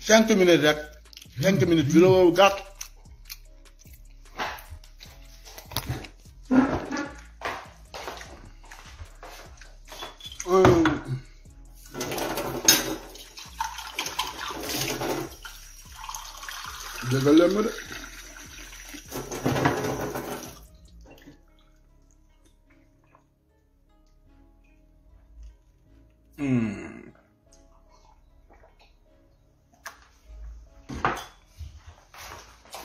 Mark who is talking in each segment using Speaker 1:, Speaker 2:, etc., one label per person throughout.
Speaker 1: 5 minuten rek. 5 minuten willen we dat. De la mu hmm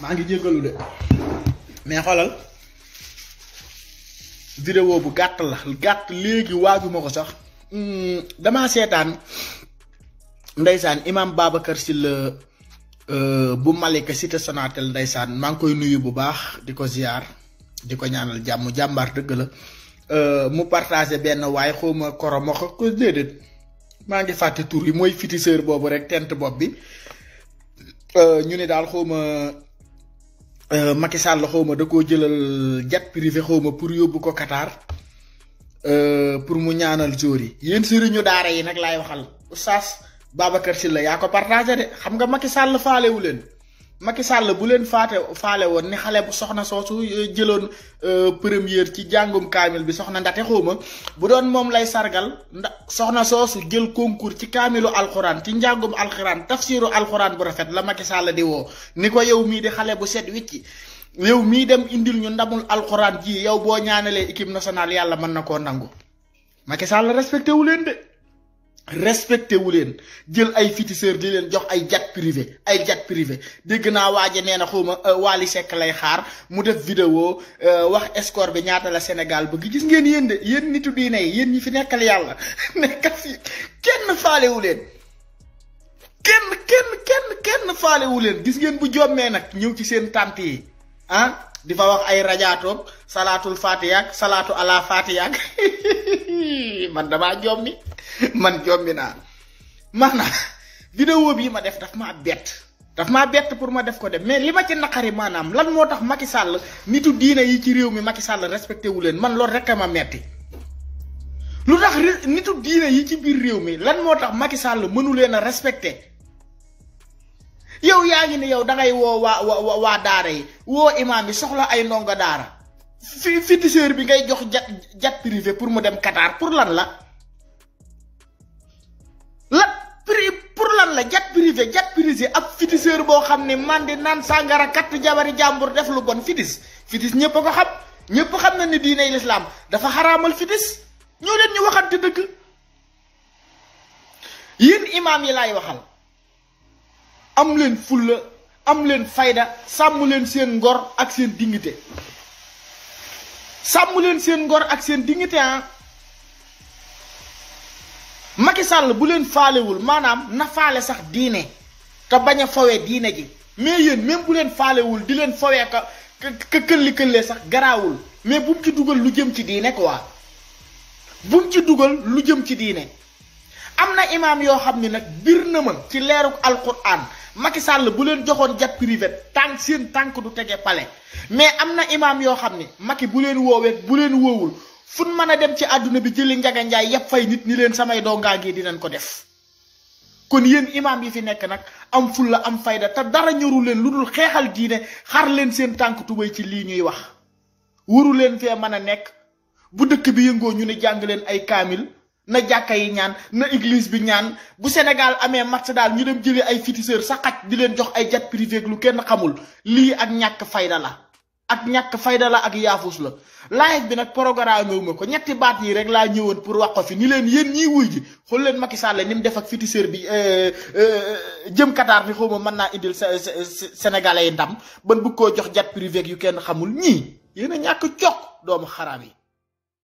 Speaker 1: maa ngi jéggalu de mais xolal vidéo bu gàtt la gàtt léegi waajuma ko sax hmm, dama seetaan ndeysaan imam Babacar si le. Euh, bu Malika cité Sonatel ndeysaan maa ngi koy nuyu bu baax di ko ziar di ko ñaanal jàmm jàmbaar dëgg la euh, mu partager benn waaye xawma koroma ko ko déedéet maa ngi fàtte tur yi mooy fitiseur boobu rek tent bopp bi euh, ñu ne daal xawma Euh, Macky Sall la xaw ma da koo jëlal jet privé xaw ma pour yóbbu ko Qatar euh, pour mu ñaanal joor yi yéen sëriñu daara yi nag laay waxal oustaz Babacar Sylla yaa ko partagé de xam nga Macky Sall faalewu leen. Macky Sall bu leen faate faale woon ni xale bu soxna soosu eh, jëloon eh, première ci jàngum kaamil bi soxna ndate xawma bu doon moom lay sargal ndax soxna soosu jël concours ci kaamilu alxuraan ci njàngum alxuraan tafsiru alxuraan bu rafet la Macky Sall di woo ni ko yow mii di xale bu set wicci yow mii dem indil ñu ndamul alxuraan ji yow boo ñaanalee équipe nationale yàlla mën na koo nangu Macky Sall leen de respecté wu leen jël ay féticheurs di leen jox ay jet privé ay jet privé dégg naa waaje nee na xawma euh, Wally Seck lay xaar mu def vidéo euh, wax score bi ñaata la Sénégal bëgg gis ngeen yéen de yéen nitu diine yi yéen ñi fi nekkal yàlla nekkal fi kenn faalewu leen kenn kenn kenn kenn faalewu gis ngeen bu jommee nag ñëw ci seen tànt yi ah di fa wax ay rajaatoom salaatul fatiha salaatu ala fatiha ak man damaa joom man jombi na mana video bi ma def daf ma bet daf ma bet pour ma def ko de mais lima ci nakari manam lan motax Macky Sall nitu diina yi ci rew mi Macky Sall respecté wu len man lol rek ma metti lutax nitu diina yi ci bir rew mi lan motax Macky Sall meunu len respecté yow yaangi ne yow da ngay wo wa wa, wa daara yi wo imam bi soxla ay nonga daara fi fitiseur bi ngay jox jat, jat privé pour mu dem Qatar pour lan la accuser diaboliser ya, ya, ab fitiseur boo xam ne man di naan kat katt jabari def lu bon fitis fitis ñepp ko xam ñepp xam na ni diiné l'islam dafa haramal fitis ñoo leen ñu waxante deug yeen imam yi lay waxal am leen fulla am leen fayda sam leen seen ngor ak seen dignité sam leen seen ngor ak seen dignité hein ah. Macky sàll bu leen faalewul maanaam na faale sax diine te bañ a fawee diine ji mais yéen même bu leen faalewul di leen fawee ka ka këlli këllee sax garaawul mais bu mu ci dugal lu jëm ci diine quoi bu ci dugal lu jëm ci diine am na imaam yoo xam ni nag bir na ma ci leeruk alquran maki sàll bu leen joxoon jet privé tànk seen tànk du tege pale mais am na imaam yoo xam ni Macky bu leen woowee bu leen woowul fun mën a dem ci àdduna bi jëli njaga njaay yëpp fay nit ñi leen samay dongaa gi dinañ ko def kon yéen imaam yi fi nekk nag am fulla am fayda te dara ñoru leen lu dul xeexal diine xar leen seen tànk tubéy ci lii ñuy wax waru leen fee mën a nekk bu dëkk bi yëngoo ñu ne jàng leen ay kaamil na jàkka yi ñaan na église bi ñaan bu Sénégal amee match daal ñu dem jëlee ay féticheur sa xaj di leen jox ay jet privé lu kenn xamul lii ak ñàkk fayda la ak ñàkk fayda la ak yaafus la live bi nag programme wu ma ko ñetti baat yii rek laa ñëwoon pour wax ko fi ni leen yéen ñii wuy ji xool leen Macky Sall ni mu def ak féticheur bi euh, euh, jëm Qatar bi xaw ma mën naa indil Sénégalais yi ndam ban bëgg koo jox jet privé yu kenn xamul ñii yéen a ñàkk cokk doomu xaraam yi.